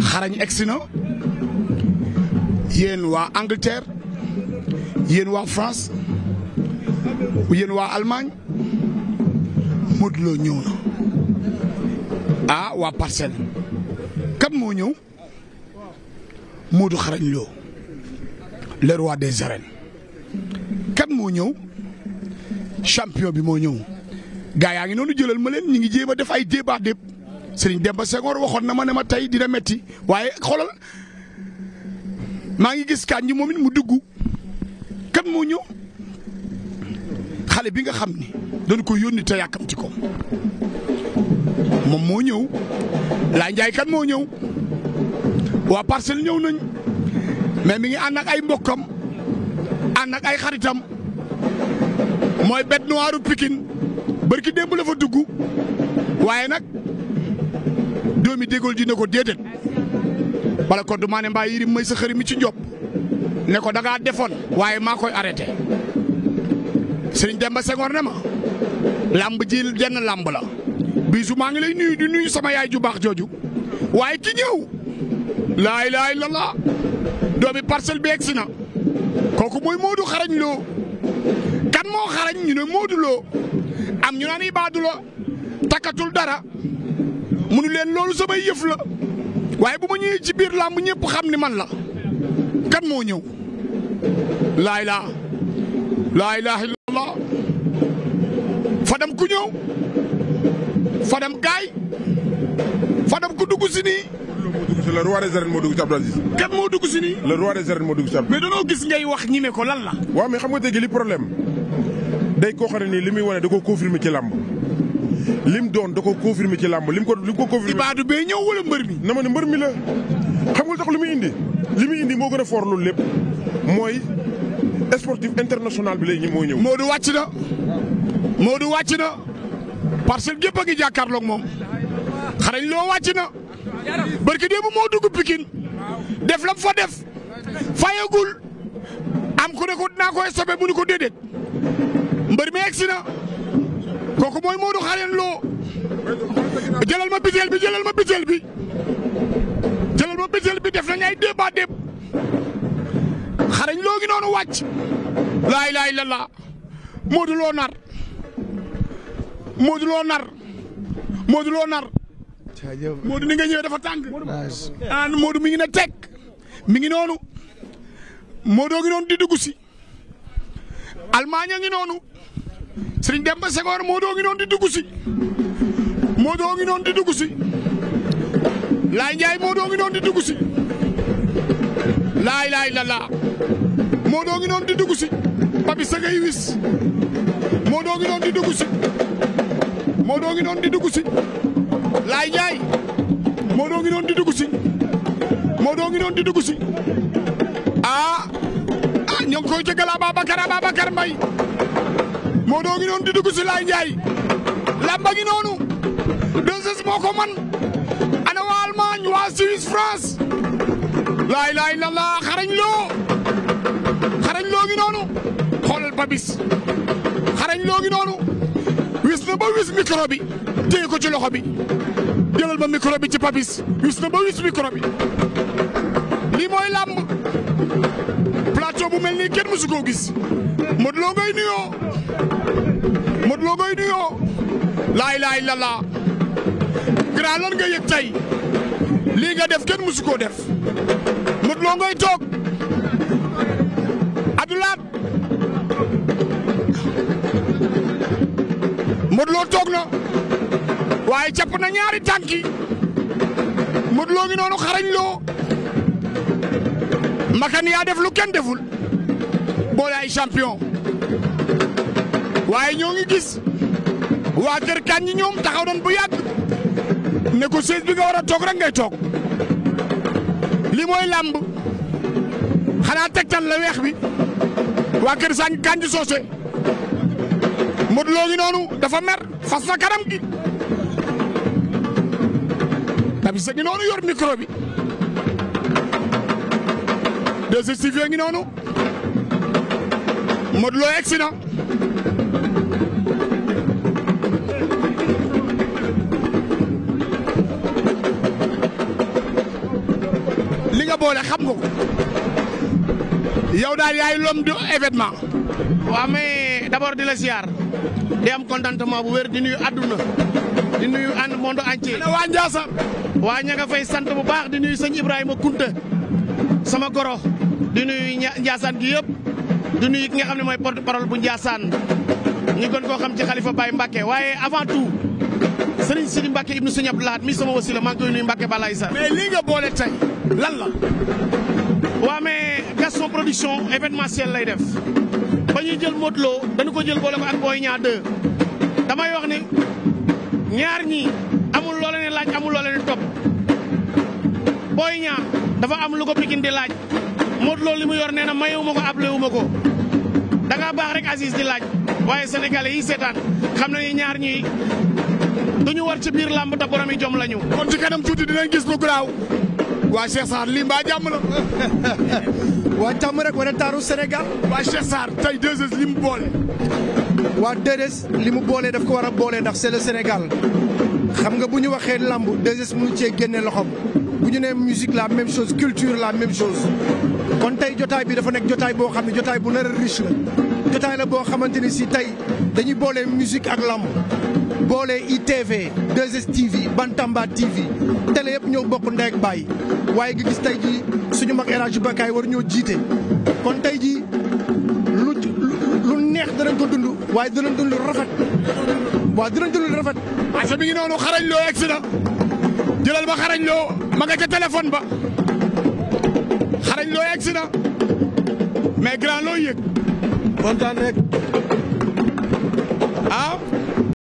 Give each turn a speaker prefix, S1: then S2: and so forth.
S1: xarañ egsi na yéen waa Angleterre yéen waa France yéen waa Allemagne Modou Lo ñëw na ah waa Parcelles kat moo ñëw Modou xarañ Lo le roi des arènes kan moo ñëw champion bi moo ñëw gaa yaa ngi noonu jëlal ma leen ñi ngi jéem def ay débat dépp Serigne Demba Senghor waxoon na ma ne ma tey dina metti waaye xoolal maa ngi gis kan ñi moom it mu duggu kan moo ñëw xale bi nga xam ni dañ ko yónni te yàkkamti ko moom moo ñëw laa njaay kan moo ñëw waa parcelle ñëw nañ mais mi ngi ànd ay mbokkam ànd ak ay xaritam mooy bête noire u Pikine bërki démb fa dugg waaye nag doomi déggoo ji ne ko déedéet bala ko du maa mbaa yirim may sa xëri mi ci njopp ne ko da ngaa defoon waaye maa koy arrêté sëriñ Demba Senghor ne ma làmb ji jenn làmb la bisu maa ngi lay nuyu di nuyu sama yaay ju baax jooju waaye ki ñëw laa ilaaha illallaah doomi parcelle bi egsi na kooku mooy Modou xarañ loo kan moo xarañ ñu ne Modou loo am ñu naan ibaadu la takkatul dara munu leen loolu samay yëf la waaye bu ma ñëwee ci biir làmb ñëpp xam ni man la kan moo ñëw laa ilaa laa ilaha illallah fadam ku ñëw fadam gaay fadam ku dugg si nii le roi des arènes moo dugg ci Abdou Aziz. kan moo dugg si nii. le roi des arènes moo dugg ci Abdou. mais danoo gis ngay wax ñime ko lan la. waaw mais xam nga tey li problème day koo xam nii li muy wane da koo confirmer ci làmb. lim doon da ko confirmer ci làmb lim ko lim ko confirmer. Ibaadu bee ñëw wala mbër mi. na ma mbër mi la xam nga tax lu muy indi li muy indi moo gën a fort lépp mooy sportif international bi léegi moo ñëw. moo Modou wàcc na Modou wàcc na parce que gépp a ngi jàkkaarloog moom xarañ loo wàcc na barki démb moo dugg Pikine def lam fa def fayagul am ku ne ko dinaa koy sobe mu ni ko déedéet mbër mi egsi na. kooku mooy Modou Xarañ Lo jëlal ma biteel bi jëlal ma biteel bi jëlal ma biteel def nañ ay débat déb xarañ loo ngi noonu wàcc laa ilaaha illallaah Modou Lo nar Modou Lo nar Modou Lo nar Modou ni nga ñëwee dafa tàng ah Modou mi ngi ne teg ngi noonu Modou ngi noonu di dugg si Almaañ noonu Serigne Demba Senghor moo doo ngi noonu di dugg si moo doo ngi noonu di dugg si Laay Njaay moo doo ngi noonu di dugg si laay laay la moo doo ngi noonu di dugg si papi sagay wis moo doo ngi noonu di dugg moo doo ngi noonu di dugg si laay Njaay moo doo noonu di dugg si moo doo ngi noonu di dugg si ah ah ñoo ngi koy jëgal Ababacar Ababacar Mbaye moo doo ngi noonu di dugg si Laay Njaay lamba ngi noonu 2S moo ko man ana waa Allemagne waa Suisse France laay laay la laa xarañ loo xarañ loo ngi noonu xoolal Papis xarañ loo ngi noonu wis na ba wis micro bi ko ci loxo bi jëlal ma micro bi ci Papis wis na ba wis micro bi mooy làmb plateau bu mel nii kenn mësu koo gis Modou Lo ngay nuyoo Modou Lo ngay nuyoo laay laay la laa grand lan nga yëg tey lii nga def kenn mësu koo def Modou Lo ngay toog Abdoulaat Modou Lo toog na waaye jàpp na ñaari tànki Modou Lo ngi noonu xarañ loo Makane yaa def lu kenn deful boole ay champion waaye ñoo ngi gis waa kër kañ ñi ñoom taxaw bu yàgg ne ko siis bi nga war a toog rek ngay toog li mooy làmb xanaa tegtal la weex bi waa kër sañ kañ soose Modou Lo noonu dafa mer fas na gi tamit sa ngi noonu yor micro 2STV ngi noonu Modou Lo egsi na
S2: li nga boole xam nga ko yow daal yaay lom du événement. waaw mais d'abord di la ziar di am contentement bu wér di nuyu àdduna di nuyu ànd monde entier. waa Ndiassane. waa ña fay sant bu baax di nuyu sëñ Ibrahima Kunta. sama goro di nuyu Ndiassane gi yëpp di ki nga xam ne mooy porte parole bu Ndiassane ñu gën koo xam ci xalifa Baye Mbacke waaye avant tout Serigne Sidi Mbacke ibnu si Abdou Lahad mi sama wasila maa ngi koy nuyu Mbacke Balaye sa mais lii nga boole tey lan la. waa mais Gaston production événementiel lay def ba ñuy jël Modou Lo dañu ko jël boole ko ak Boy Niang 2 damay wax ni ñaar ñi amul loo leen laaj amul loo leen topp Boy Niang. dafa am lu ko Pikine di laaj Modou Lo li mu yor nee na mayewuma ko ablewuma ko da ngaa baax rek Aziz di laaj waaye sénégalais yi seetaan xam nañu ñaar ñi du ñu war ci biir làmb te borom yi jom lañu. kon ci kanam tuuti dinañ gis lu garaaw. waa Cheikh Sarr lii mbaa jàmm la. waa jàmm rek wala taaru senegal waa Cheikh tey 2 li mu boole. waa 2 li mu boole daf ko war a boole ndax c'est senegal xam nga bu ñu waxee làmb 2S mënu cee génne loxoom. bu ñu nee musique la même chose culture la même chose kon tey jotaay bi dafa nekk jotaay boo xam ne jotaay bu nar a riche jotaay la boo xamante ni si tey dañuy boole musique ak lamb boole ITV 2STV Bantamba TV télé yëpp ñoo bokk ndey ak baay waaye gi gis tey jii suñu mag El Hadj Bakay war ñoo jiite kon tey ji lu lu neex danañ ko dund waaye danañ dund rafet
S1: waaw danañ dund rafet. parce que mi noonu xarañ loo egg si na jëlal ba xarañ loo ma nga ca téléphone ba xarañ loo yegg si na mais grand loo yëg kontaan rek ah